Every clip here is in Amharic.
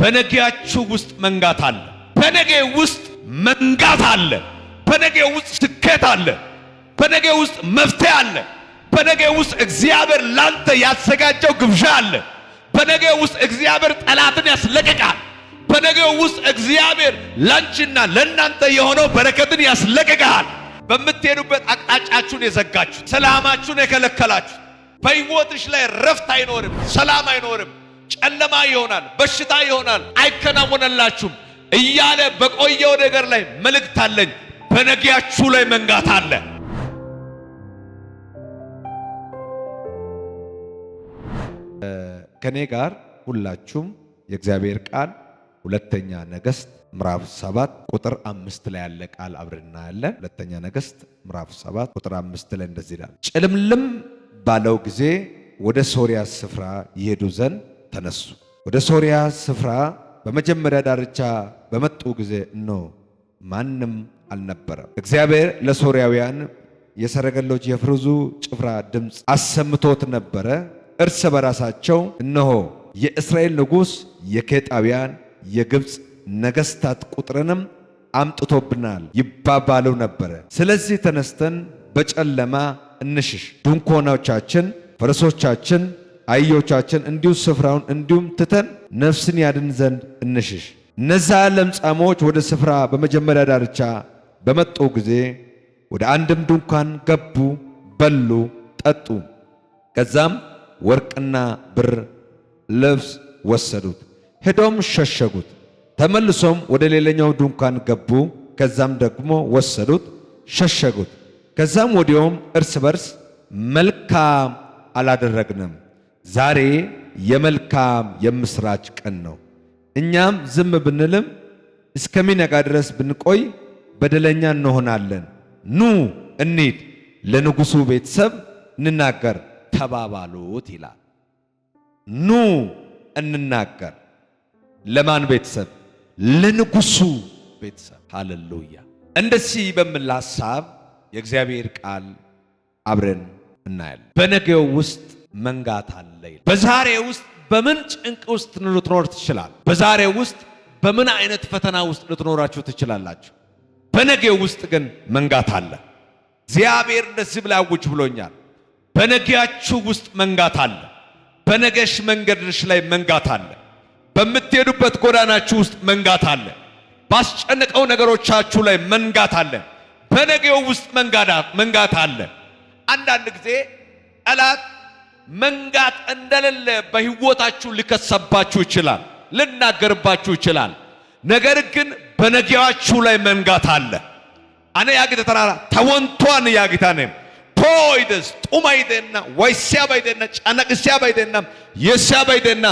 በነገያችሁ ውስጥ መንጋት አለ። በነገ ውስጥ መንጋት አለ። በነገ ውስጥ ስኬት አለ። በነገ ውስጥ መፍትሄ አለ። በነገ ውስጥ እግዚአብሔር ላንተ ያዘጋጀው ግብዣ አለ። በነገ ውስጥ እግዚአብሔር ጠላትን ያስለቅቃል። በነገ ውስጥ እግዚአብሔር ላንቺና ለእናንተ የሆነው በረከትን ያስለቅቃል። በምትሄዱበት አቅጣጫችሁን የዘጋችሁ፣ ሰላማችሁን የከለከላችሁ፣ በሕይወትሽ ላይ ረፍት አይኖርም፣ ሰላም አይኖርም። ጨለማ ይሆናል፣ በሽታ ይሆናል፣ አይከናወነላችሁም እያለ በቆየው ነገር ላይ መልእክት አለኝ። በነጊያችሁ ላይ መንጋት አለ። ከኔ ጋር ሁላችሁም የእግዚአብሔር ቃል ሁለተኛ ነገሥት ምዕራፍ 7 ቁጥር አምስት ላይ ያለ ቃል አብረን እናያለን። ሁለተኛ ነገሥት ምዕራፍ 7 ቁጥር አምስት ላይ እንደዚህ ይላል፣ ጭልምልም ባለው ጊዜ ወደ ሶርያ ስፍራ ይሄዱ ዘንድ ተነሱ። ወደ ሶርያ ስፍራ በመጀመሪያ ዳርቻ በመጡ ጊዜ እኖ ማንም አልነበረም። እግዚአብሔር ለሶርያውያን የሰረገሎች የፍርዙ ጭፍራ ድምፅ አሰምቶት ነበረ። እርስ በራሳቸው እነሆ የእስራኤል ንጉሥ የኬጣውያን የግብፅ ነገሥታት ቁጥርንም አምጥቶብናል ይባባሉ ነበረ። ስለዚህ ተነስተን በጨለማ እንሽሽ፣ ድንኳኖቻችን፣ ፈረሶቻችን አህዮቻችን እንዲሁ ስፍራውን እንዲሁም ትተን ነፍስን ያድን ዘንድ እንሽሽ። እነዚያ ለምጻሞች ወደ ስፍራ በመጀመሪያ ዳርቻ በመጡ ጊዜ ወደ አንድም ድንኳን ገቡ፣ በሉ፣ ጠጡ። ከዛም ወርቅና ብር ልብስ ወሰዱት፣ ሄዶም ሸሸጉት። ተመልሶም ወደ ሌላኛው ድንኳን ገቡ፣ ከዛም ደግሞ ወሰዱት፣ ሸሸጉት። ከዛም ወዲያውም እርስ በርስ መልካም አላደረግንም ዛሬ የመልካም የምስራች ቀን ነው። እኛም ዝም ብንልም እስከሚነጋ ድረስ ብንቆይ በደለኛ እንሆናለን። ኑ እንሂድ፣ ለንጉሡ ቤተሰብ እንናገር ተባባሉት ይላል። ኑ እንናገር። ለማን ቤተሰብ? ለንጉሡ ቤተሰብ። ሃሌሉያ! እንደዚህ በሚል ሐሳብ የእግዚአብሔር ቃል አብረን እናያለን። በነገው ውስጥ መንጋት አለ። በዛሬ ውስጥ በምን ጭንቅ ውስጥ ልትኖር ትችላል? በዛሬ ውስጥ በምን አይነት ፈተና ውስጥ ልትኖራችሁ ትችላላችሁ? በነጌው ውስጥ ግን መንጋት አለ። እግዚአብሔር እንደዚህ ብላ አውጅ ብሎኛል። በነጌያችሁ ውስጥ መንጋት አለ። በነገሽ መንገድሽ ላይ መንጋት አለ። በምትሄዱበት ጎዳናችሁ ውስጥ መንጋት አለ። ባስጨንቀው ነገሮቻችሁ ላይ መንጋት አለ። በነጌው ውስጥ መንጋት አለ። አንዳንድ ጊዜ ጠላት መንጋት እንደሌለ በህይወታችሁ ልከሰባችሁ ይችላል፣ ልናገርባችሁ ይችላል። ነገር ግን በነገያችሁ ላይ መንጋት አለ። አነ ያግተ ተራራ ተወንቷን ያግታነ ፖይደስ ጡማይደና ወይሲያባይደና ጫናቅሲያባይደና የሲያባይደና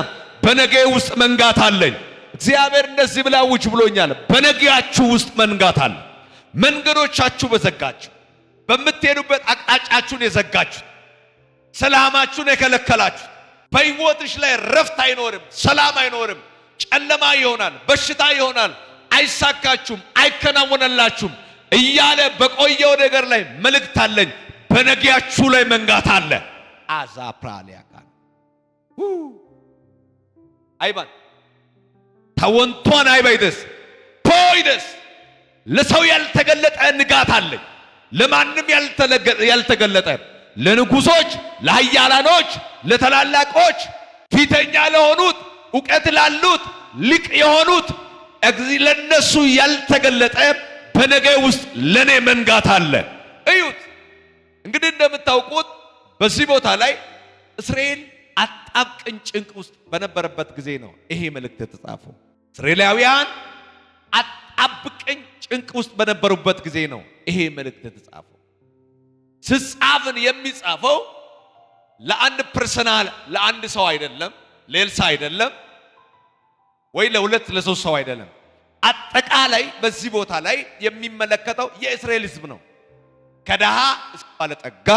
በነገ ውስጥ መንጋት አለኝ። እግዚአብሔር እንደዚህ ብላ ውጅ ብሎኛል። በነገያችሁ ውስጥ መንጋት አለ። መንገዶቻችሁ በዘጋችሁ፣ በምትሄዱበት አቅጣጫችሁን የዘጋችሁ ሰላማችሁን የከለከላችሁ በሕይወትሽ ላይ ረፍት አይኖርም፣ ሰላም አይኖርም። ጨለማ ይሆናል፣ በሽታ ይሆናል፣ አይሳካችሁም፣ አይከናወነላችሁም እያለ በቆየው ነገር ላይ መልእክት አለኝ። በነጊያችሁ ላይ መንጋት አለ። አዛፕራሊያ አይባል ተወንቷን አይባይደስ ፖይደስ ለሰው ያልተገለጠ ንጋት አለኝ። ለማንም ያልተገለጠ ለንጉሶች፣ ለኃያላኖች፣ ለተላላቆች ፊተኛ ለሆኑት፣ እውቀት ላሉት፣ ሊቅ የሆኑት ለነሱ ያልተገለጠ በነገ ውስጥ ለኔ መንጋት አለ። እዩት እንግዲህ እንደምታውቁት በዚህ ቦታ ላይ እስራኤል አጣብቅኝ ጭንቅ ውስጥ በነበረበት ጊዜ ነው ይሄ መልእክት የተጻፈው። እስራኤላውያን አጣብቅኝ ጭንቅ ውስጥ በነበሩበት ጊዜ ነው ይሄ መልእክት የተጻፈው። ስጻፍን የሚጻፈው ለአንድ ፐርሰናል ለአንድ ሰው አይደለም፣ ለኤልሳ አይደለም፣ ወይ ለሁለት ለሶስት ሰው አይደለም። አጠቃላይ በዚህ ቦታ ላይ የሚመለከተው የእስራኤል ሕዝብ ነው። ከድሃ እስከ ባለጠጋ፣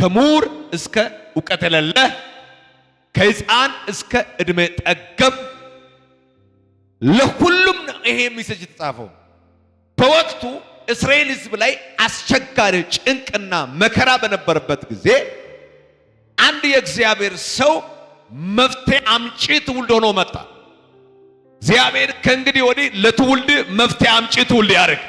ከምሁር እስከ እውቀት የሌለ፣ ከሕፃን እስከ ዕድሜ ጠገብ ለሁሉም ነው ይሄ ሚሴጅ የተጻፈው በወቅቱ እስራኤል ሕዝብ ላይ አስቸጋሪ ጭንቅና መከራ በነበረበት ጊዜ አንድ የእግዚአብሔር ሰው መፍትሄ አምጪ ትውልድ ሆኖ መጣ። እግዚአብሔር ከእንግዲህ ወዲህ ለትውልድ መፍትሄ አምጪ ትውልድ ያደርግ።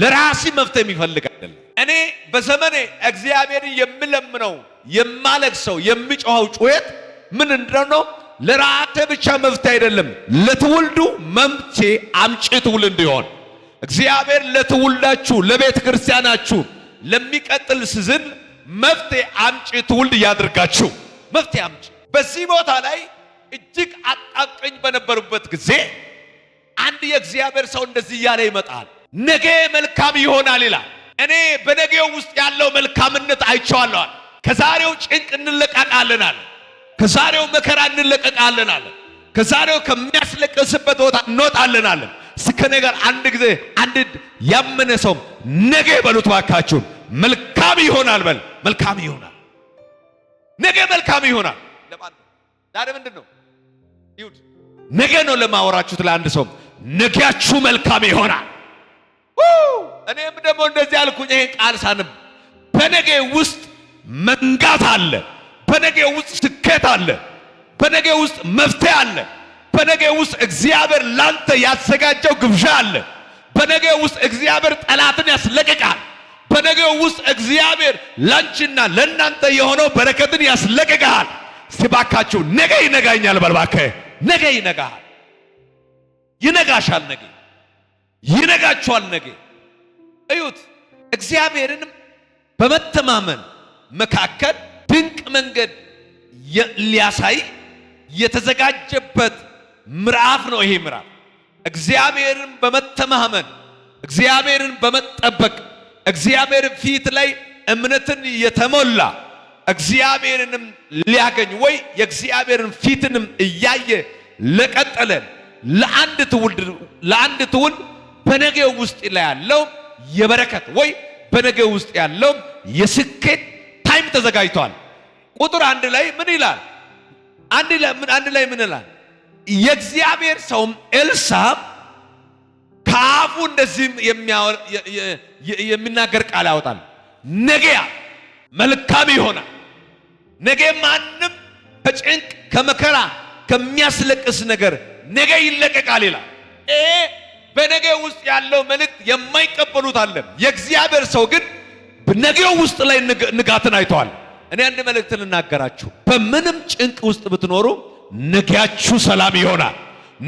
ለራሲ መፍትሄ የሚፈልግ አይደለም። እኔ በዘመኔ እግዚአብሔርን የምለምነው የማለቅሰው የሚጮኸው ጩኸት ምን እንደሆነ ለራሴ ብቻ መፍትሄ አይደለም፣ ለትውልዱ መፍትሄ አምጪ ትውልድ እንዲሆን እግዚአብሔር ለትውልዳችሁ ለቤተ ክርስቲያናችሁ ለሚቀጥል ስዝን መፍትሄ አምጪ ትውልድ እያደርጋችሁ መፍትሄ አምጪ። በዚህ ቦታ ላይ እጅግ አጣብቀኝ በነበሩበት ጊዜ አንድ የእግዚአብሔር ሰው እንደዚህ እያለ ይመጣል። ነገ መልካም ይሆናል ይላል። እኔ በነገው ውስጥ ያለው መልካምነት አይቼዋለሁ። ከዛሬው ጭንቅ አለ። ከዛሬው መከራ አለ። ከዛሬው ከሚያስለቅስበት ቦታ አለን። ከኔ ጋር አንድ ጊዜ አንድ ያመነ ሰው ነገ በሉት ባካችሁን፣ መልካም ይሆናል በል። መልካም ይሆናል ነገ መልካም ይሆናል። ለማን ዛሬ ምንድን ነው ይሁድ? ነገ ነው ለማወራችሁት ለአንድ ሰው ነገያችሁ መልካም ይሆናል። እኔም ደግሞ እንደዚህ አልኩኝ። ይሄን ቃል ሳንም በነገ ውስጥ መንጋት አለ፣ በነገ ውስጥ ስኬት አለ፣ በነገ ውስጥ መፍትሄ አለ። በነገ ውስጥ እግዚአብሔር ላንተ ያዘጋጀው ግብዣ አለ። በነገ ውስጥ እግዚአብሔር ጠላትን ያስለቅቃል። በነገ ውስጥ እግዚአብሔር ላንቺና ለእናንተ የሆነው በረከትን ያስለቅቃል። ሲባካችሁ ነገ ይነጋኛል በልባከ ነገ ይነጋል። ይነጋሻል። ነገ ይነጋችኋል። ነገ እዩት። እግዚአብሔርንም በመተማመን መካከል ድንቅ መንገድ ሊያሳይ የተዘጋጀበት ምዕራፍ ነው። ይሄ ምዕራፍ እግዚአብሔርን በመተማመን እግዚአብሔርን በመጠበቅ እግዚአብሔር ፊት ላይ እምነትን የተሞላ እግዚአብሔርንም ሊያገኝ ወይ የእግዚአብሔርን ፊትንም እያየ ለቀጠለ ለአንድ ትውልድ ለአንድ ትውልድ በነገው ውስጥ ላይ ያለው የበረከት ወይ በነገው ውስጥ ያለው የስኬት ታይም ተዘጋጅቷል። ቁጥር አንድ ላይ ምን ይላል? አንድ ላይ ምን ይላል? የእግዚአብሔር ሰውም ኤልሳ ከአፉ እንደዚህም የሚናገር ቃል ያወጣል። ነገያ መልካም ይሆናል። ነገ ማንም ከጭንቅ ከመከራ ከሚያስለቅስ ነገር ነገ ይለቀቃል ይላል። ይሄ በነገ ውስጥ ያለው መልእክት የማይቀበሉት አለ። የእግዚአብሔር ሰው ግን ነገው ውስጥ ላይ ንጋትን አይተዋል። እኔ አንድ መልእክት ልናገራችሁ። በምንም ጭንቅ ውስጥ ብትኖሩ ነገያችሁ ሰላም ይሆናል።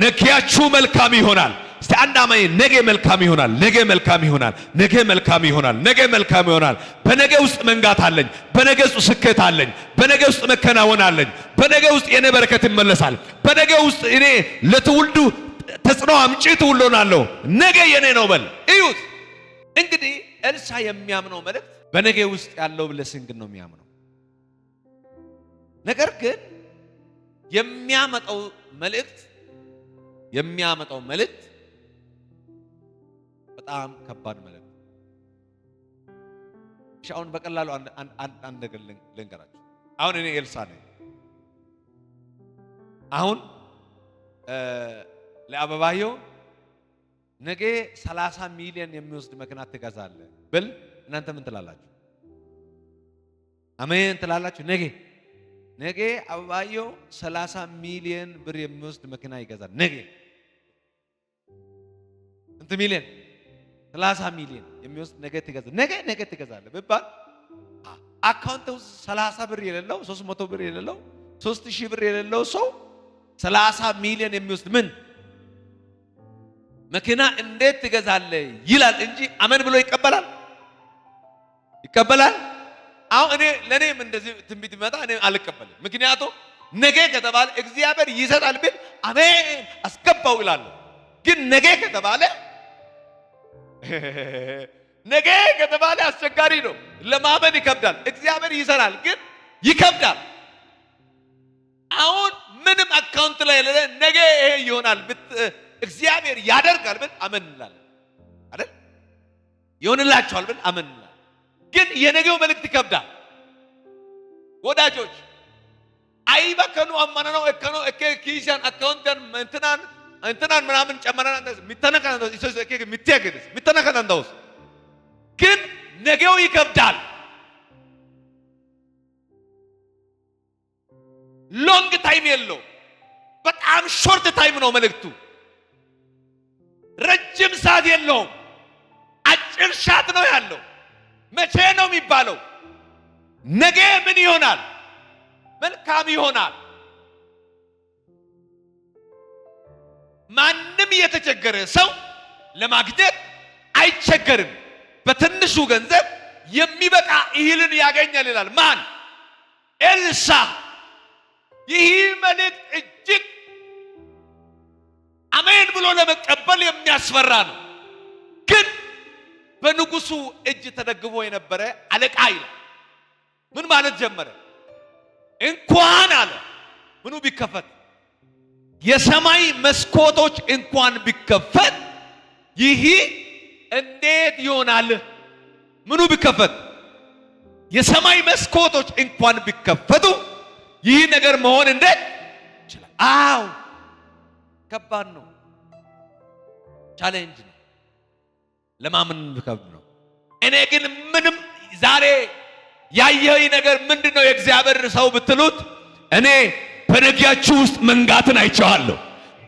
ነገያችሁ መልካም ይሆናል። እስቲ አንድ አመይ ነገ መልካም ይሆናል፣ ነገ መልካም ይሆናል፣ ነገ መልካም ይሆናል፣ ነገ መልካም ይሆናል። በነገ ውስጥ መንጋት አለኝ፣ በነገ ውስጥ ስኬት አለኝ፣ በነገ ውስጥ መከናወን አለኝ፣ በነገ ውስጥ የኔ በረከት ይመለሳል፣ በነገ ውስጥ እኔ ለትውልዱ ተጽዕኖ አምጪ ትውልድ ሆናለሁ። ነገ የኔ ነው በል እዩት። እንግዲህ ኤልሳ የሚያምነው መልእክት በነገ ውስጥ ያለው ብለሲንግ ነው የሚያምነው ነገር ግን የሚያመጣው መልእክት የሚያመጣው መልእክት በጣም ከባድ መልእክት። አሁን በቀላሉ አንድ ነገር ልንገራችሁ። አሁን እኔ ኤልሳ ነኝ። አሁን ለአበባየው ነገ 30 ሚሊዮን የሚወስድ መኪና ትገዛለህ ብል እናንተ ምን ትላላችሁ? አሜን ትላላችሁ? ነገ ነገ አበባየው 30 ሚሊዮን ብር የሚወስድ መኪና ይገዛል። ነገ እንት ሚሊዮን 30 ሚሊዮን የሚወስድ ነገ ትገዛል። ነገ ነገ ትገዛል ብባል አካውንት ውስጥ 30 ብር የሌለው 300 ብር የሌለው 3000 ብር የሌለው ሰው 30 ሚሊዮን የሚወስድ ምን መኪና እንዴት ትገዛለህ ይላል እንጂ አመን ብሎ ይቀበላል ይቀበላል አሁን እኔ ለእኔም እንደዚህ ትንቢት ቢመጣ እኔ አልቀበልም። ምክንያቱም ነገ ከተባለ እግዚአብሔር ይሰጣል ብል አሜን አስገባው ይላለሁ። ግን ነገ ከተባለ ነገ ከተባለ አስቸጋሪ ነው፣ ለማመን ይከብዳል። እግዚአብሔር ይሰራል ግን ይከብዳል። አሁን ምንም አካውንት ላይ የሌለ ነገ ይሄ ይሆናል እግዚአብሔር ያደርጋል ብል አመን እንላለን አይደል? ይሆንላቸዋል ብል አመን ግን የነገው መልእክት ይከብዳል ወዳጆች። አይባ ከኑ ነው እከኖ እከ ኪሻን አካውንተን እንትናን እንትናን ምናምን ጨመረና ሚተነከና ነው እሱ እከ ሚተገደስ ሚተነከና ነው ግን ነገው ይከብዳል። ሎንግ ታይም የለው። በጣም ሾርት ታይም ነው መልእክቱ። ረጅም ሰዓት የለውም። አጭር ሻት ነው ያለው። መቼ ነው የሚባለው? ነገ ምን ይሆናል? መልካም ይሆናል። ማንም የተቸገረ ሰው ለማግኘት አይቸገርም። በትንሹ ገንዘብ የሚበቃ እህልን ያገኛል ይላል ማን? ኤልሳ። ይህ መልእክት እጅግ አሜን ብሎ ለመቀበል የሚያስፈራ ነው ግን በንጉሱ እጅ ተደግፎ የነበረ አለቃ ይላል። ምን ማለት ጀመረ? እንኳን አለ ምኑ ቢከፈት የሰማይ መስኮቶች እንኳን ቢከፈት ይህ እንዴት ይሆናል? ምኑ ቢከፈት የሰማይ መስኮቶች እንኳን ቢከፈቱ ይህ ነገር መሆን እንዴት ይችላል? አዎ ከባድ ነው፣ ቻሌንጅ ነው። ለማመን ከብድ ነው። እኔ ግን ምንም ዛሬ ያየኸኝ ነገር ምንድን ነው? የእግዚአብሔር ሰው ብትሉት እኔ በነጊያችሁ ውስጥ መንጋትን አይቼዋለሁ።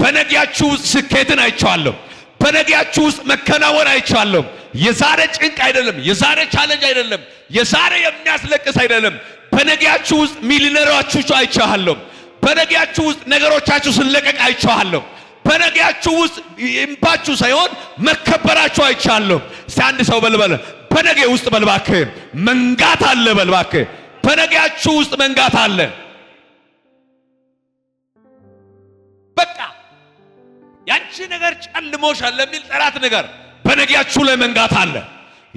በነጊያችሁ ውስጥ ስኬትን አይቼዋለሁ። በነጊያችሁ ውስጥ መከናወን አይቼዋለሁ። የዛሬ ጭንቅ አይደለም፣ የዛሬ ቻለንጅ አይደለም፣ የዛሬ የሚያስለቅስ አይደለም። በነጊያችሁ ውስጥ ሚሊነራችሁ አይቼዋለሁ። በነጊያችሁ ውስጥ ነገሮቻችሁ ስለቀቅ አይቼዋለሁ። በነገያችሁ ውስጥ እምባችሁ ሳይሆን መከበራችሁ አይቻለሁ። አንድ ሰው በልበለ በነገ ውስጥ በልባክ መንጋት አለ። በልባክ በነገያችሁ ውስጥ መንጋት አለ። በቃ ያንቺ ነገር ጨልሞሻል ለሚል ጠላት ነገር በነገያችሁ ላይ መንጋት አለ።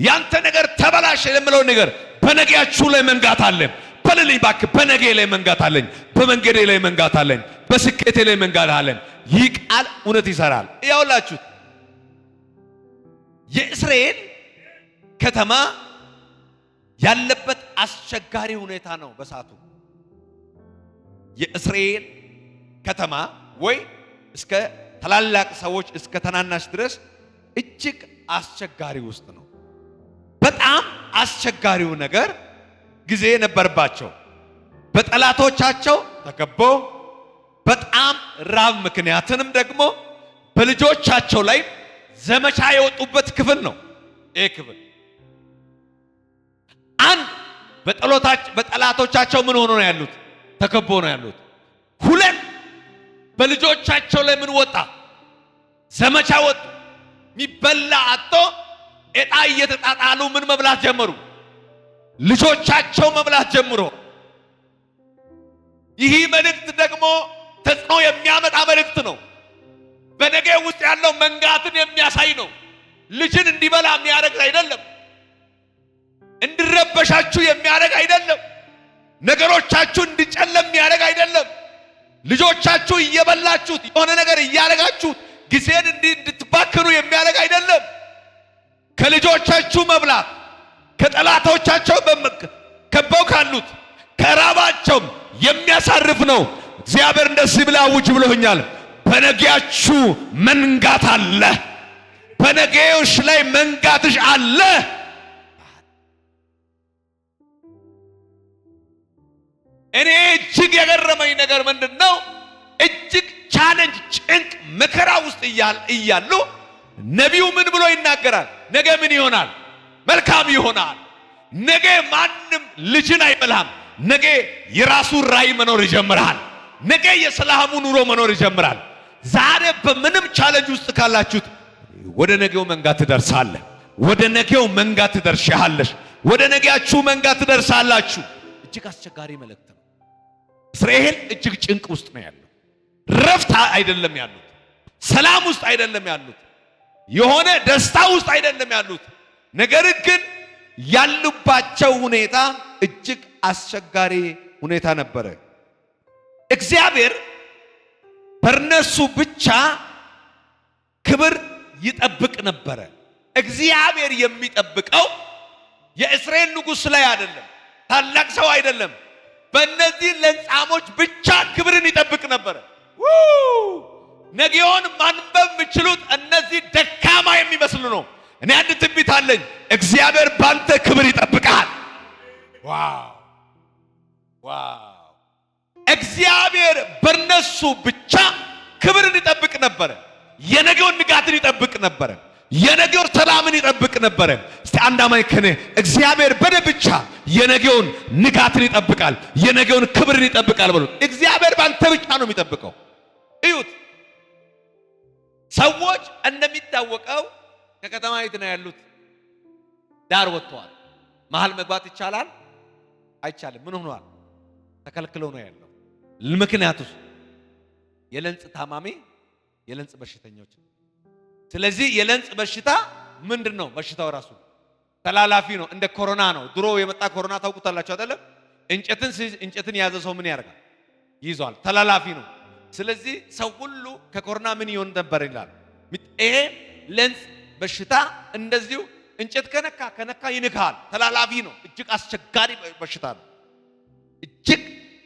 ያንተ ነገር ተበላሸ ለምለው ነገር በነገያችሁ ላይ መንጋት አለ። በልልኝ ባክ በነገ ላይ መንጋት አለኝ። በመንገዴ ላይ መንጋት አለኝ። በስኬቴ ላይ መንጋር አለን። ይህ ቃል እውነት ይሰራል። እያውላችሁ የእስራኤል ከተማ ያለበት አስቸጋሪ ሁኔታ ነው። በሳቱ የእስራኤል ከተማ ወይ እስከ ታላላቅ ሰዎች እስከ ተናናሽ ድረስ እጅግ አስቸጋሪ ውስጥ ነው። በጣም አስቸጋሪው ነገር ጊዜ ነበርባቸው። በጠላቶቻቸው ተከበው በጣም ራብ ምክንያትንም ደግሞ በልጆቻቸው ላይ ዘመቻ የወጡበት ክፍል ነው። ይህ ክፍል አንድ በጠላቶቻቸው ምን ሆኖ ነው ያሉት? ተከቦ ነው ያሉት። ሁለት በልጆቻቸው ላይ ምን ወጣ? ዘመቻ ወጡ። የሚበላ አጥቶ ዕጣ እየተጣጣሉ ምን መብላት ጀመሩ? ልጆቻቸው መብላት ጀምሮ ይህ መልእክት ደግሞ ተጽዕኖ የሚያመጣ መልእክት ነው። በነገ ውስጥ ያለው መንጋትን የሚያሳይ ነው። ልጅን እንዲበላ የሚያደርግ አይደለም። እንዲረበሻችሁ የሚያደርግ አይደለም። ነገሮቻችሁ እንዲጨለም የሚያደርግ አይደለም። ልጆቻችሁ እየበላችሁት የሆነ ነገር እያደረጋችሁት ጊዜን እንድትባክኑ የሚያደርግ አይደለም። ከልጆቻችሁ መብላት ከጠላቶቻቸው ከበው ካሉት ከራባቸውም የሚያሳርፍ ነው። እግዚአብሔር እንደዚህ ብላ አውጅ ብሎኛል። በነገያችሁ መንጋት አለ። በነገዮሽ ላይ መንጋትሽ አለ። እኔ እጅግ የገረመኝ ነገር ምንድን ነው? እጅግ ቻለንጅ፣ ጭንቅ፣ መከራ ውስጥ እያሉ ነቢዩ ምን ብሎ ይናገራል? ነገ ምን ይሆናል? መልካም ይሆናል። ነገ ማንም ልጅን አይበላም። ነገ የራሱ ራእይ መኖር ይጀምራል። ነገ የሰላሙ ኑሮ መኖር ይጀምራል። ዛሬ በምንም ቻለንጅ ውስጥ ካላችሁት ወደ ነገው መንጋ ትደርሳለህ። ወደ ነገው መንጋ ትደርሻለሽ። ወደ ነገያችሁ መንጋ ትደርሳላችሁ። እጅግ አስቸጋሪ መልእክት ነው። እስራኤል እጅግ ጭንቅ ውስጥ ነው ያለው። ረፍት አይደለም ያሉት፣ ሰላም ውስጥ አይደለም ያሉት፣ የሆነ ደስታ ውስጥ አይደለም ያሉት። ነገር ግን ያሉባቸው ሁኔታ እጅግ አስቸጋሪ ሁኔታ ነበረ። እግዚአብሔር በርነሱ ብቻ ክብር ይጠብቅ ነበረ። እግዚአብሔር የሚጠብቀው የእስራኤል ንጉሥ ላይ አይደለም፣ ታላቅ ሰው አይደለም። በእነዚህ ለምጻሞች ብቻ ክብርን ይጠብቅ ነበረ። ነገውን ማንበብ የሚችሉት እነዚህ ደካማ የሚመስሉ ነው። እኔ አንድ ትንቢት አለኝ፣ እግዚአብሔር ባንተ ክብር ይጠብቃል። ዋው ዋው በነሱ ብቻ ክብርን ይጠብቅ ነበረ። የነገውን ንጋትን ይጠብቅ ነበረ። የነገውን ሰላምን ይጠብቅ ነበረ። እስቲ አንድ አማኝ እግዚአብሔር በደ ብቻ የነገውን ንጋትን ይጠብቃል፣ የነገውን ክብርን ይጠብቃል በሉት። እግዚአብሔር ባንተ ብቻ ነው የሚጠብቀው። እዩት። ሰዎች እንደሚታወቀው ከከተማ የት ነው ያሉት? ዳር ወጥተዋል። መሀል መግባት ይቻላል አይቻልም? ምን ሆኗል? ተከልክለው ነው ያለው። ምክንያቱ የለንጽ ታማሚ የለንጽ በሽተኞች። ስለዚህ የለንጽ በሽታ ምንድን ነው? በሽታው ራሱ ተላላፊ ነው። እንደ ኮሮና ነው። ድሮ የመጣ ኮሮና ታውቁታላችሁ አይደለም? እንጨትን እንጨትን የያዘ ሰው ምን ያደርጋል? ይዟል። ተላላፊ ነው። ስለዚህ ሰው ሁሉ ከኮሮና ምን ይሆን ነበር ይላል። ይሄ ለንጽ በሽታ እንደዚሁ እንጨት ከነካ ከነካ ይንካል። ተላላፊ ነው። እጅግ አስቸጋሪ በሽታ ነው።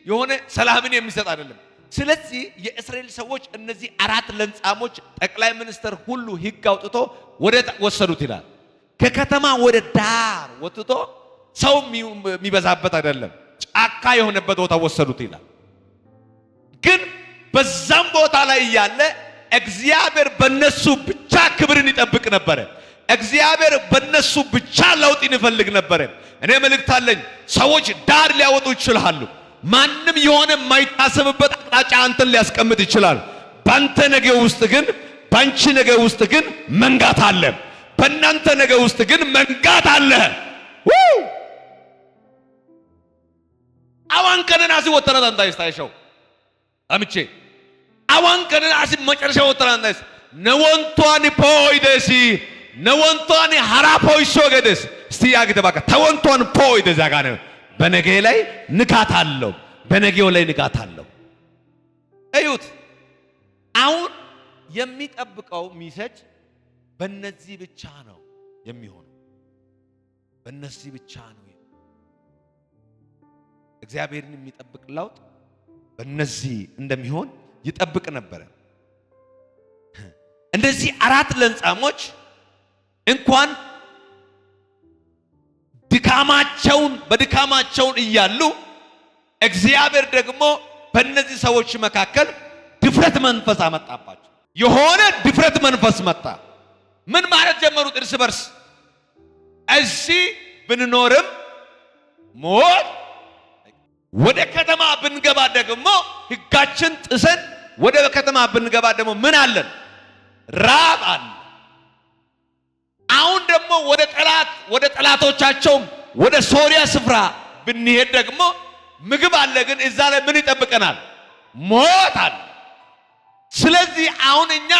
የሆነ ሰላምን የሚሰጥ አይደለም። ስለዚህ የእስራኤል ሰዎች እነዚህ አራት ለምጻሞች ጠቅላይ ሚኒስትር ሁሉ ሕግ አውጥቶ ወደ ወሰዱት ይላል። ከከተማ ወደ ዳር ወጥቶ ሰው የሚበዛበት አይደለም፣ ጫካ የሆነበት ቦታ ወሰዱት ይላል። ግን በዛም ቦታ ላይ እያለ እግዚአብሔር በነሱ ብቻ ክብርን ይጠብቅ ነበረ። እግዚአብሔር በነሱ ብቻ ለውጥ ይፈልግ ነበረ። እኔ መልእክት አለኝ። ሰዎች ዳር ሊያወጡ ይችላሉ። ማንም የሆነ የማይታሰብበት አቅጣጫ አንተን ሊያስቀምጥ ይችላል። ባንተ ነገ ውስጥ ግን ባንቺ ነገ ውስጥ ግን መንጋት አለ። በእናንተ ነገ ውስጥ ግን መንጋት አለ። አዋን ቀንን አሲ ወተራት አንታይስ ታይሸው አምቼ አዋን ቀንን አሲ መጨረሻ ወተራት አንታይስ ነወንቷን ፖይደሲ ነወንቷን ሐራፖይሶ ገደስ ስቲ ተባካ ተወንቷን ፖይ ፖይደዛ ጋነ በነገ ላይ ንጋት አለው። በነገው ላይ ንጋት አለው። እዩት። አሁን የሚጠብቀው ሚሰጅ በነዚህ ብቻ ነው የሚሆነው። በነዚህ ብቻ ነው እግዚአብሔርን የሚጠብቅ ለውጥ በነዚህ እንደሚሆን ይጠብቅ ነበረ። እንደዚህ አራት ለምጻሞች እንኳን ድካማቸውን በድካማቸውን እያሉ እግዚአብሔር ደግሞ በእነዚህ ሰዎች መካከል ድፍረት መንፈስ አመጣባቸው። የሆነ ድፍረት መንፈስ መጣ። ምን ማለት ጀመሩት? እርስ በርስ እዚህ ብንኖርም ሞት፣ ወደ ከተማ ብንገባ ደግሞ ሕጋችን ጥሰን ወደ ከተማ ብንገባ ደግሞ ምን አለን? ራብ አለ ደግሞ ወደ ጠላት ወደ ጠላቶቻቸው ወደ ሶሪያ ስፍራ ብንሄድ ደግሞ ምግብ አለ፣ ግን እዛ ላይ ምን ይጠብቀናል? ሞት አለ። ስለዚህ አሁን እኛ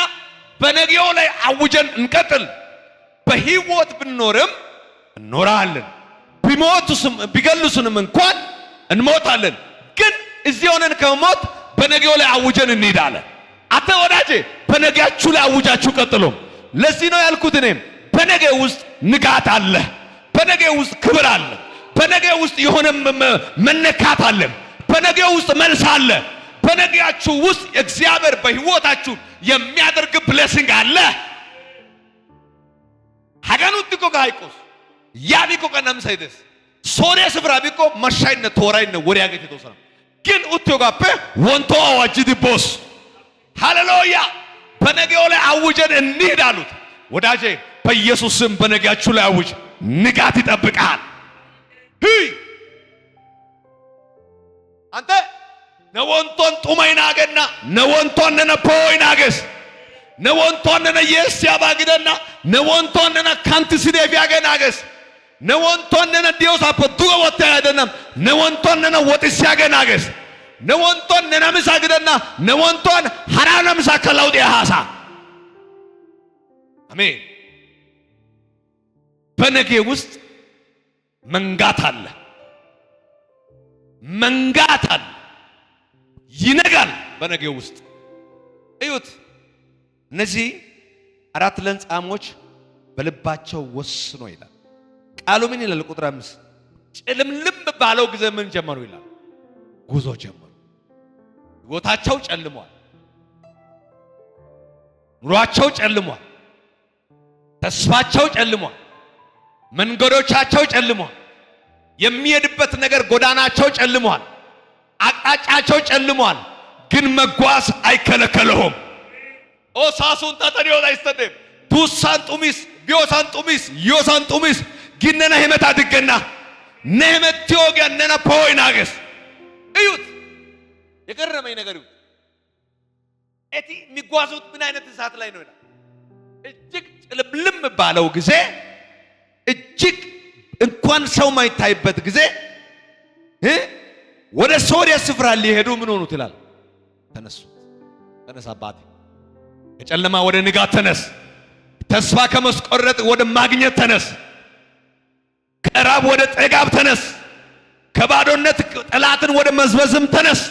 በነገው ላይ አውጀን እንቀጥል። በህይወት ብንኖርም እንኖራለን፣ ቢገሉስንም እንኳን እንሞታለን። ግን እዚህ ሆነን ከሞት በነገው ላይ አውጀን እንሄዳለን። አተ ወዳጄ በነጋችሁ ላይ አውጃችሁ ቀጥሎም ለዚህ ነው ያልኩት እኔም በነገ ውስጥ ንጋት አለ። በነገ ውስጥ ክብር አለ። በነገ ውስጥ የሆነ መነካት አለ። በነገ ውስጥ መልስ አለ። በነገያችሁ ውስጥ እግዚአብሔር በህይወታችሁ የሚያደርግ ብለሲንግ አለ። ሀገኑ ጥቆ ከሃይቆስ ያ ቢኮ ቀናም ሳይደስ ሶሪያ ስፍራ ቢኮ መሻይነ ተወራይነ ወሪያ ገት ተወሰነ ግን ኡትዮ ጋፔ ወንቶ አዋጅ ዲቦስ ሃሌሉያ በነገው ላይ አውጀን እንሂድ አሉት ወዳጄ በኢየሱስ ስም በነጋችሁ ላይ አውጅ። ንጋት ይጠብቃል። አንተ ነወንቶን ጡመይና አገና ነወንቶን ነነፖይና ናገስ ነወንቶን ነነ ነነየስ ያባግደና ነወንቶን ነነ ካንቲ ሲዴፍ ያገና አገስ ነወንቶን ነነ ዲዮስ አፖ ዱገ ወጥ ያደናም ነወንቶን ነነ ወጥስ ያገና አገስ ነወንቶን ነነምሳ ግደና ነወንቶን ሐራነምሳ ከላውጥ ያሃሳ አሜን በነጌ ውስጥ መንጋት አለ፣ መንጋት አለ። ይነጋል በነጌ ውስጥ እዩት። እነዚህ አራት ለምጻሞች በልባቸው ወስኖ ይላል ቃሉ። ምን ይላል? ቁጥር አምስት ጭልምልም ባለው ጊዜ ምን ጀመሩ ይላል? ጉዞ ጀመሩ። ሕይወታቸው ጨልሟል፣ ኑሯቸው ጨልሟል፣ ተስፋቸው ጨልሟል። መንገዶቻቸው ጨልሟል። የሚሄድበት ነገር ጎዳናቸው ጨልሟል። አቅጣጫቸው ጨልሟል። ግን መጓዝ አይከለከለሁም። ኦሳሱን ታጠዲዮ ላይስተደም ቱሳን ጡሚስ ቢዮሳን ጡሚስ ዮሳን ጡሚስ ጊነና ህመት አድገና ነህመት ቲዮጋ ነና ፖይ ናገስ እዩት። የገረመኝ ነገር ይሁት እቲ የሚጓዙት ምን አይነት እሳት ላይ ነው ይላል። እጅግ ጭልምልም ባለው ጊዜ እጅግ እንኳን ሰው ማይታይበት ጊዜ ወደ ሶሪያ ስፍራ ሊሄዱ ምን ሆኑ ትላል? ተነሱ። ተነስ አባቴ፣ ከጨለማ ወደ ንጋት ተነስ። ተስፋ ከመስቆረጥ ወደ ማግኘት ተነስ። ከራብ ወደ ጠጋብ ተነስ። ከባዶነት ጠላትን ወደ መዝበዝም ተነስ።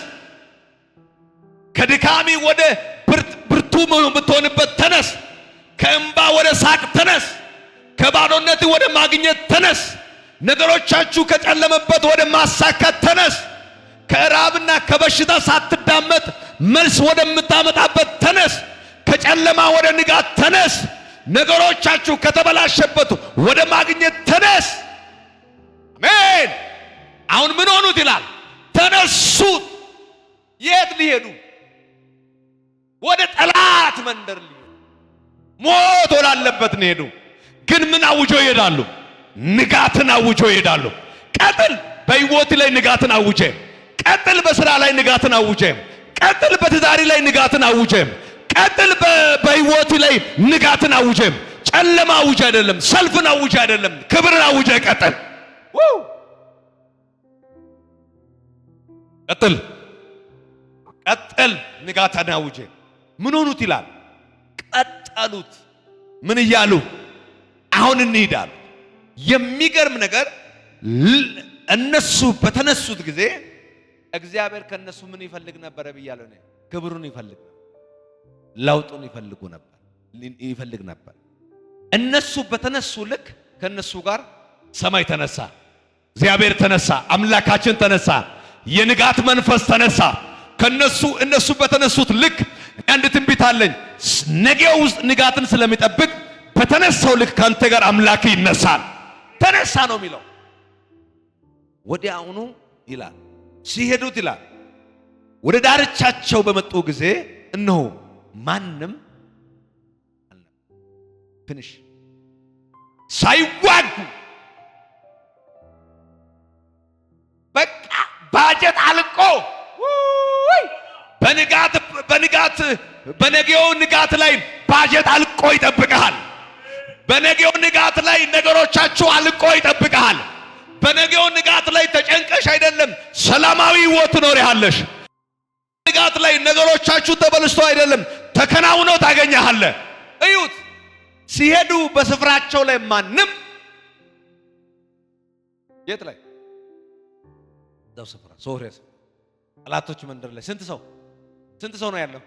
ከድካሚ ወደ ብርቱ ብትሆንበት ተነስ። ከእንባ ወደ ሳቅ ተነስ። ከባዶነት ወደ ማግኘት ተነስ። ነገሮቻችሁ ከጨለመበት ወደ ማሳካት ተነስ። ከራብና ከበሽታ ሳትዳመጥ መልስ ወደምታመጣበት ተነስ። ከጨለማ ወደ ንጋት ተነስ። ነገሮቻችሁ ከተበላሸበት ወደ ማግኘት ተነስ። አሜን። አሁን ምን ሆኑት ይላል? ተነሱ። የት ሊሄዱ? ወደ ጠላት መንደር ሊሄዱ፣ ሞት ወዳለበት ነው ሄዱ። ግን ምን አውጆ ይሄዳሉ? ንጋትን አውጆ ይሄዳሉ። ቀጥል በህይወት ላይ ንጋትን አውጀ። ቀጥል በስራ ላይ ንጋትን አውጀ። ቀጥል በትዳሪ ላይ ንጋትን አውጀ። ቀጥል በህይወት ላይ ንጋትን አውጀ። ጨለማ አውጀ አይደለም፣ ሰልፍን አውጀ አይደለም፣ ክብርን አውጀ። ቀጥል ቀጥል ቀጥል ንጋትን አውጀ። ምን ሆኑት ይላል? ቀጠሉት። ምን እያሉ አሁን እንሂዳል። የሚገርም ነገር እነሱ በተነሱት ጊዜ እግዚአብሔር ከነሱ ምን ይፈልግ ነበረ ብያለሁ እኔ ክብሩን ይፈልግ ለውጡን ይፈልጉ ነበር ይፈልግ ነበር። እነሱ በተነሱ ልክ ከነሱ ጋር ሰማይ ተነሳ፣ እግዚአብሔር ተነሳ፣ አምላካችን ተነሳ፣ የንጋት መንፈስ ተነሳ። ከነሱ እነሱ በተነሱት ልክ አንድ ትንቢት አለኝ። ነገው ውስጥ ንጋትን ስለሚጠብቅ በተነሳው ልክ ካንተ ጋር አምላክ ይነሳል። ተነሳ ነው የሚለው። ወዲያውኑ ይላል ሲሄዱት ይላል ወደ ዳርቻቸው በመጡ ጊዜ እነሆ ማንም ትንሽ ሳይዋጉ በቃ ባጀት አልቆ በንጋት በንጋት በነገው ንጋት ላይ ባጀት አልቆ ይጠብቀሃል። በነገው ንጋት ላይ ነገሮቻችሁ አልቆ ይጠብቀሃል። በነገው ንጋት ላይ ተጨንቀሽ አይደለም ሰላማዊ ሕይወት ትኖሪያለሽ። ንጋት ላይ ነገሮቻችሁ ተበልስቶ አይደለም ተከናውኖ ታገኛሃለ። እዩት ሲሄዱ በስፍራቸው ላይ ማንም የት ላይ እዛው ስፍራ ሶሬስ ጠላቶች መንደር ላይ ስንት ሰው ስንት ሰው ነው ያለው?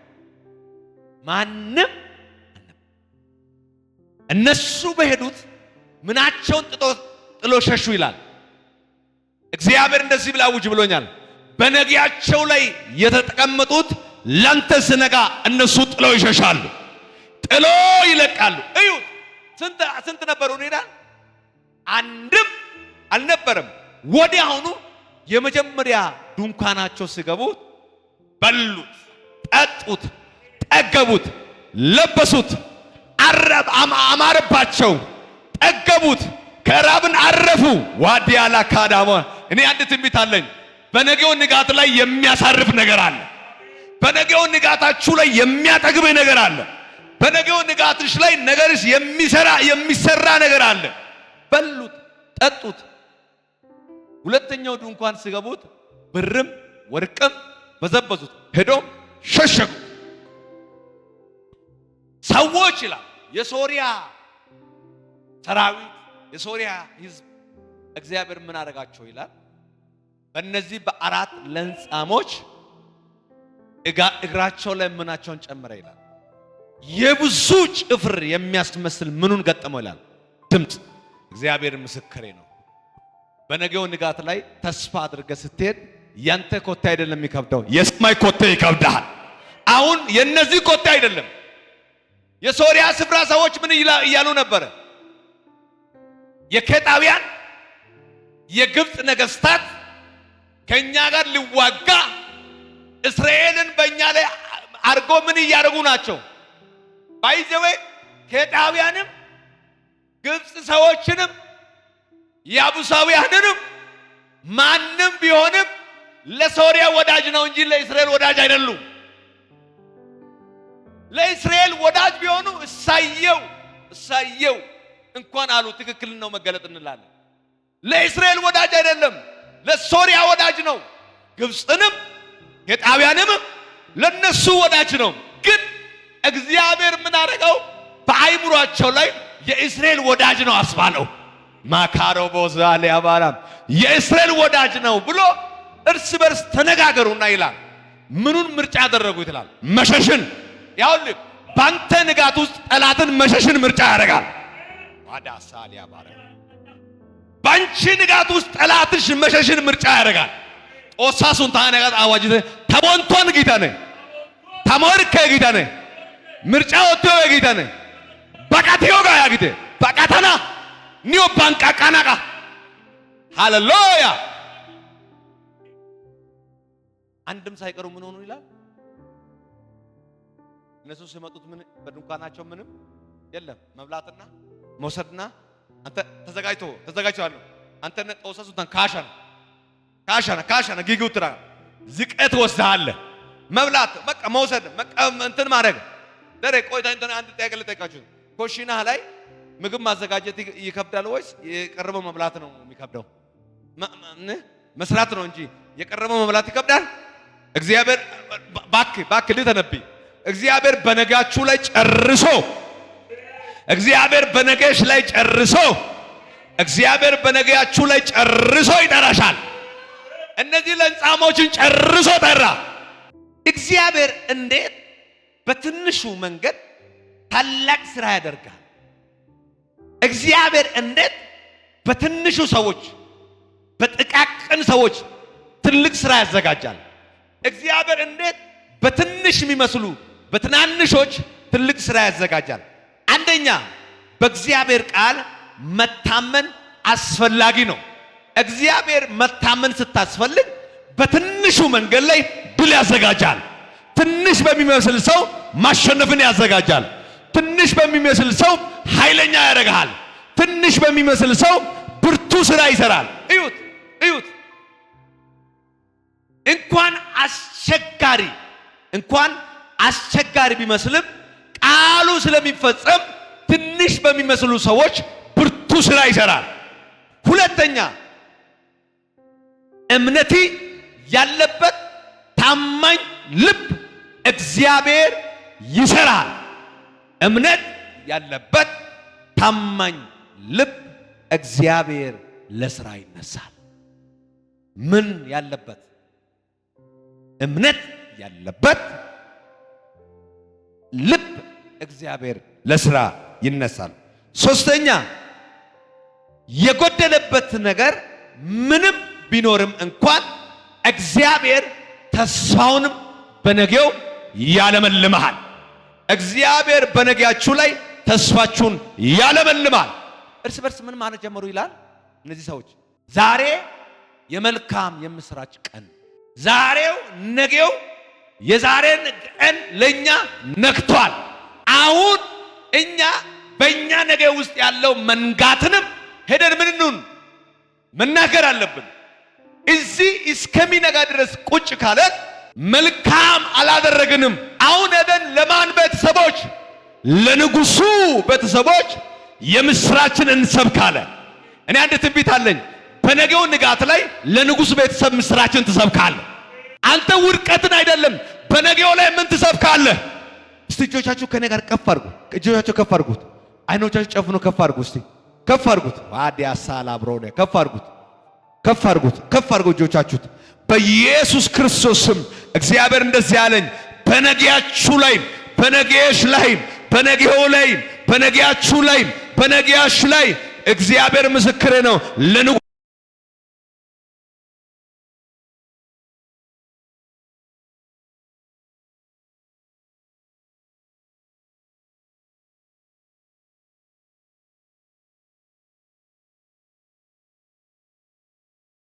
ማንም እነሱ በሄዱት ምናቸውን ጥጦ ጥሎ ሸሹ ይላል። እግዚአብሔር እንደዚህ ብላ ውጅ ብሎኛል። በነጊያቸው ላይ የተቀመጡት ላንተ ስነጋ እነሱ ጥሎ ይሸሻሉ፣ ጥሎ ይለቃሉ። እዩ ስንት ነበሩ? ኔዳ አንድም አልነበረም። ወዲያውኑ የመጀመሪያ ድንኳናቸው ሲገቡት በሉት፣ ጠጡት፣ ጠገቡት፣ ለበሱት። አማረባቸው፣ ጠገቡት፣ ከራብን አረፉ። ዋዲያላ ካዳማ እኔ አንድ ትንቢት አለኝ። በነገው ንጋት ላይ የሚያሳርፍ ነገር አለ። በነገው ንጋታችሁ ላይ የሚያጠግብ ነገር አለ። በነገው ንጋትሽ ላይ ነገርሽ የሚሰራ የሚሰራ ነገር አለ። በሉት፣ ጠጡት። ሁለተኛው ድንኳን ስገቡት ብርም ወርቅም በዘበዙት፣ ሄዶም ሸሸጉ ሰዎች ይላል የሶሪያ ሰራዊት የሶሪያ ህዝብ እግዚአብሔር ምን አደረጋቸው ይላል። በእነዚህ በአራት ለንጻሞች እግራቸው ላይ ምናቸውን ጨምረ ይላል። የብዙ ጭፍር የሚያስመስል ምኑን ገጠመው ይላል ድምፅ። እግዚአብሔር ምስክሬ ነው። በነገው ንጋት ላይ ተስፋ አድርገ ስትሄድ ያንተ ኮቴ አይደለም የሚከብደው፣ የሰማይ ኮቴ ይከብዳል። አሁን የነዚህ ኮቴ አይደለም የሶሪያ ስፍራ ሰዎች ምን እያሉ ነበረ? የኬጣውያን የግብፅ ነገስታት ከእኛ ጋር ሊዋጋ እስራኤልን በእኛ ላይ አድርጎ ምን እያደረጉ ናቸው? ባይዘወይ ኬጣውያንም ግብፅ ሰዎችንም ያቡሳውያንንም ማንም ቢሆንም ለሶሪያ ወዳጅ ነው እንጂ ለእስራኤል ወዳጅ አይደሉም። ለእስራኤል ወዳጅ ቢሆኑ እሳየው እሳየው እንኳን አሉ። ትክክል ነው መገለጥ እንላለን። ለእስራኤል ወዳጅ አይደለም፣ ለሶሪያ ወዳጅ ነው። ግብፅንም የጣቢያንም ለነሱ ወዳጅ ነው። ግን እግዚአብሔር ምን አደረገው? በአይምሯቸው ላይ የእስራኤል ወዳጅ ነው አስባለው። ማካሮቦዛ ሊያባላም የእስራኤል ወዳጅ ነው ብሎ እርስ በርስ ተነጋገሩና ይላል። ምኑን ምርጫ አደረጉ ይላል መሸሽን ያውልህ ባንተ ንጋት ውስጥ ጠላትን መሸሽን ምርጫ ያደርጋል። ዋዳሳሊያ ባረ ባንቺ ንጋት ውስጥ ጠላትሽ መሸሽን ምርጫ ያደርጋል። ኦሳ ሱንታ ነጋት አዋጅተ ተቦንቶን ጊታነ ተሞርከ ጊታነ ምርጫ ወጥቶ ጊታነ በቃቲዮ ጋር ያግተ በቃታና ኒዮ ባንቃቃናቃ ሃሌሉያ አንድም ሳይቀሩ ምን ሆኑ ይላል እነሱ ሲመጡት ምን በድንኳናቸው ምንም የለም መብላትና መውሰድና አንተ ተዘጋጅቶ ተዘጋጅቷል አንተ ነጠውሰሱ ካሻና ካሻና ካሻና ጊጊው ትራ ዝቀት ወስደሃል። መብላት በቃ መውሰድ መቀም እንትን ማድረግ ደሬ ቆይታ እንትን አንድ ጥያቄ ልጠይቃችሁ። ኮሽና ላይ ምግብ ማዘጋጀት ይከብዳል ወይስ የቀረበው መብላት ነው የሚከብደው? መስራት ነው እንጂ የቀረበው መብላት ይከብዳል። እግዚአብሔር ባክ ባክ ልተነብይ እግዚአብሔር በነጋችሁ ላይ ጨርሶ እግዚአብሔር በነገሽ ላይ ጨርሶ እግዚአብሔር በነገያችሁ ላይ ጨርሶ ይጠራሻል። እነዚህ ለምጻሞችን ጨርሶ ጠራ። እግዚአብሔር እንዴት በትንሹ መንገድ ታላቅ ስራ ያደርጋል? እግዚአብሔር እንዴት በትንሹ ሰዎች፣ በጥቃቅን ሰዎች ትልቅ ስራ ያዘጋጃል? እግዚአብሔር እንዴት በትንሽ የሚመስሉ በትናንሾች ትልቅ ስራ ያዘጋጃል። አንደኛ በእግዚአብሔር ቃል መታመን አስፈላጊ ነው። እግዚአብሔር መታመን ስታስፈልግ በትንሹ መንገድ ላይ ድል ያዘጋጃል። ትንሽ በሚመስል ሰው ማሸነፍን ያዘጋጃል። ትንሽ በሚመስል ሰው ኃይለኛ ያደርግሃል። ትንሽ በሚመስል ሰው ብርቱ ስራ ይሰራል። እዩት እዩት። እንኳን አስቸጋሪ እንኳን አስቸጋሪ ቢመስልም ቃሉ ስለሚፈጸም ትንሽ በሚመስሉ ሰዎች ብርቱ ስራ ይሰራል። ሁለተኛ እምነቲ ያለበት ታማኝ ልብ እግዚአብሔር ይሰራል። እምነት ያለበት ታማኝ ልብ እግዚአብሔር ለስራ ይነሳል። ምን ያለበት እምነት ያለበት ልብ እግዚአብሔር ለስራ ይነሳል። ሶስተኛ የጎደለበት ነገር ምንም ቢኖርም እንኳን እግዚአብሔር ተስፋውንም በነገው ያለመልመሃል። እግዚአብሔር በነገያችሁ ላይ ተስፋችሁን ያለመልማል። እርስ በርስ ምን ማለት ጀመሩ ይላል። እነዚህ ሰዎች ዛሬ የመልካም የምስራች ቀን ዛሬው ነገው የዛሬን ቀን ለእኛ ነክቷል። አሁን እኛ በእኛ ነገ ውስጥ ያለው መንጋትንም ሄደን ምንኑን መናገር አለብን። እዚህ እስከሚነጋ ድረስ ቁጭ ካለን መልካም አላደረግንም። አሁን ሄደን ለማን ቤተሰቦች፣ ለንጉሱ ቤተሰቦች የምስራችን እንሰብካለን። እኔ አንድ ትንቢት አለኝ። በነገው ንጋት ላይ ለንጉስ ቤተሰብ ምስራችን ትሰብካለህ። አንተ ውድቀትን አይደለም በነገው ላይ ምን ትሰብካለህ? እስቲ እጆቻችሁ ከኔ ጋር ከፍ አድርጉ። እጆቻችሁ ከፍ አድርጉት። አይኖቻችሁ ጨፍኑ። ከፍ አድርጉ። እስቲ ከፍ አድርጉት። ዋዲ አሳላ ብሮ ነው። ከፍ አድርጉት። ከፍ አድርጉት። ከፍ አድርጉ እጆቻችሁት በኢየሱስ ክርስቶስ ስም። እግዚአብሔር እንደዚህ ያለኝ በነገያችሁ ላይ በነገሽ ላይ በነገው ላይ በነገያችሁ ላይ በነገያሽ ላይ እግዚአብሔር ምስክሬ ነው።